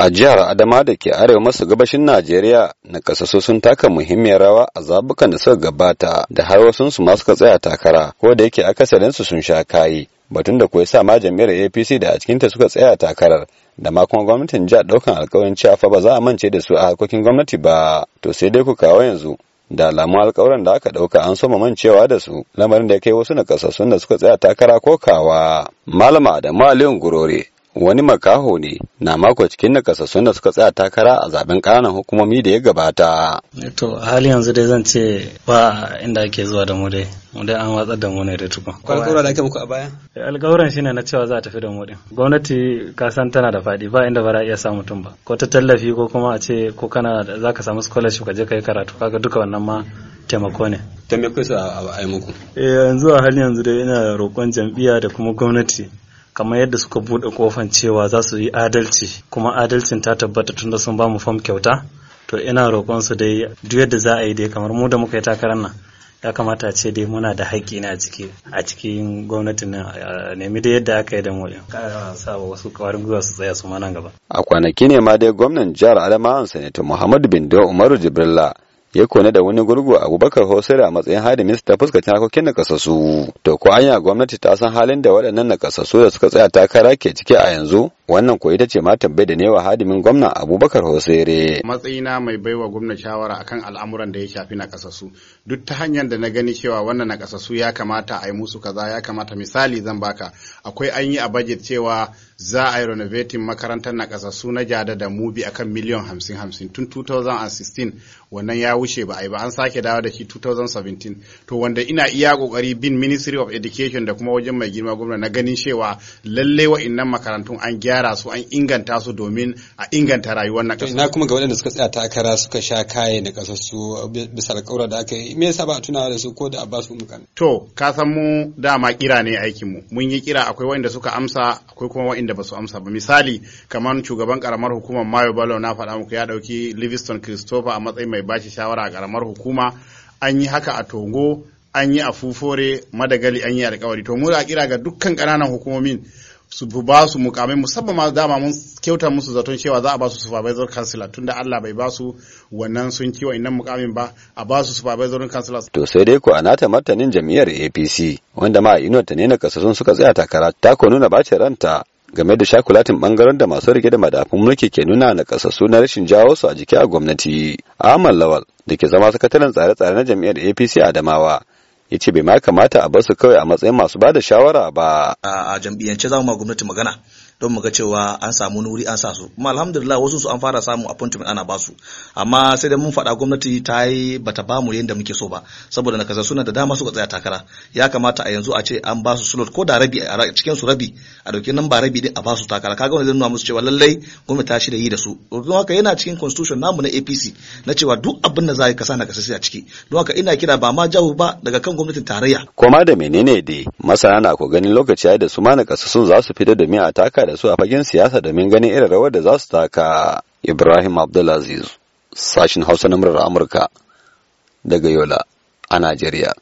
A jihar Adama da ke arewa masu gabashin Najeriya na kasasu sun taka muhimmiyar rawa a zabukan da suka gabata da har wasu su ma suka tsaya takara ko da yake akasarin sun sha kayi batun da kuwa sa ma jami'ar APC da a cikinta suka tsaya takarar da ma kuma gwamnatin jihar daukan alkawarin cewa fa ba za a mance da su a harkokin gwamnati ba to sai dai ku kawo yanzu da alamun alkawarin da aka ɗauka an soma mancewa da su lamarin da ya kai wasu nakasassun da suka tsaya takara ko kawa. Malama da Aliyu Gurore wani makaho ne na mako cikin nakasassun da suka tsaya takara a zaben ƙananan hukumomi da ya gabata. Eh, to a hali yanzu dai zan ce ba inda ake zuwa da mu dai. Mu dai an watsar da mu ne da tukun. Alƙawura da ake muku a baya? Eh, alƙawuran shine na cewa za a tafi da mu din. Gwamnati ka san tana da faɗi ba inda ba za a iya sa mutum ba. Ko ta tallafi ko kuma a ce ko kana za ka samu scholarship ka je ka yi karatu kaga duka wannan ma taimako ne. Taimako su a yi muku? Eh, yanzu a hali yanzu dai ina roƙon jam'iyya da kuma gwamnati kamar yadda suka buɗe kofan cewa za su yi adalci kuma adalcin ta tabbata tunda sun ba mu fam kyauta to ina roƙon su dai duk yadda za a yi dai kamar mu da muka yi takarar nan ya kamata ce dai muna da haƙƙi ne a ciki a cikin gwamnatin nan nemi da yadda aka yi da mu sa wasu ƙwarin gwiwa su tsaya su ma nan gaba a kwanaki ne ma dai gwamnan jihar Adamawa Sanata Muhammadu Bindo Umaru Jibrilla ya kone da wani gurgu abubakar hosira a matsayin hadimin ta fuskacin harkokin nakasassu to ko anya gwamnati ta san halin da waɗannan nakasassu da suka tsaya takara ke ciki a yanzu wannan ko ita ce ma tambaye da newa hadimin gwamna abubakar hosere matsayina mai baiwa gwamna shawara akan al'amuran da ya shafi na kasasu duk ta hanyar da na gani cewa wannan na kasasu ya kamata a yi musu kaza ya kamata misali zan baka akwai an yi a bajet cewa za a yi renovating makarantar na kasasu na jada da mubi akan miliyan hamsin hamsin tun 2016 wannan ya wuce ba a yi ba an sake dawo da shi 2017 to wanda ina iya kokari bin ministry of education da kuma wajen mai girma gwamna na ganin cewa lallai wa'innan makarantun an gyara gyara su an inganta su domin a inganta rayuwar na Na kuma ga waɗanda suka tsaya takara suka sha kaye na kasar su bisa da aka yi me yasa ba a tunawa da su ko da Abbas mukan. To ka san mu dama kira ne aikin mu mun yi kira akwai waɗanda suka amsa akwai kuma waɗanda ba su amsa ba misali kamar shugaban karamar hukumar Mayo Bello na faɗa muku ya ɗauki Livingston Christopher a matsayin mai bashi shawara a karamar hukuma an yi haka a Togo an yi a Fufore Madagali an yi alƙawari to mu da kira ga dukkan ƙananan hukumomin su ba su mukamai musamman ma dama mun kyauta musu zaton cewa za a ba su supervisor councilor tunda Allah bai ba su wannan sun kiwa nan mukamin ba a ba su supervisor councilor to sai dai ko anata martanin jami'ar APC wanda ma inuwar ta ne na kasasun suka tsaya takara ta ko nuna bace ranta game da shakulatin bangaren da masu rike da madafun mulki ke nuna na kasassu na rashin jawo su a jiki a gwamnati Ahmad Lawal da ke zama sakataren tsare-tsare na jami'ar APC Adamawa ya ce bai ma kamata a su kawai a matsayin masu ba da shawara ba. A jam'iyyance za mu ma gwamnati magana don mu ga cewa an samu nuri an sa su kuma alhamdulillah wasu su an fara samu appointment ana ba su amma sai da mun faɗa gwamnati ta yi bata ba mu yadda muke so ba saboda na suna da dama suka tsaya takara ya kamata a yanzu a ce an ba su slot ko da rabi a cikin su rabi a dauki nan ba rabi din a ba su takara kaga wani zan nuna musu cewa lallai gwamnati ta shirya yi da su don haka yana cikin constitution namu na APC na cewa duk abin da za ka sa na kasa a ciki don haka ina kira ba ma jahu ba daga kan gwamnatin tarayya. Koma da menene dai masana na ko ganin lokaci ya da su ma na sun za su fita domin a taka da su a fagen siyasa domin ganin irin rawar da za su taka. Ibrahim Abdulaziz, sashin Hausa na Amurka daga Yola a Najeriya.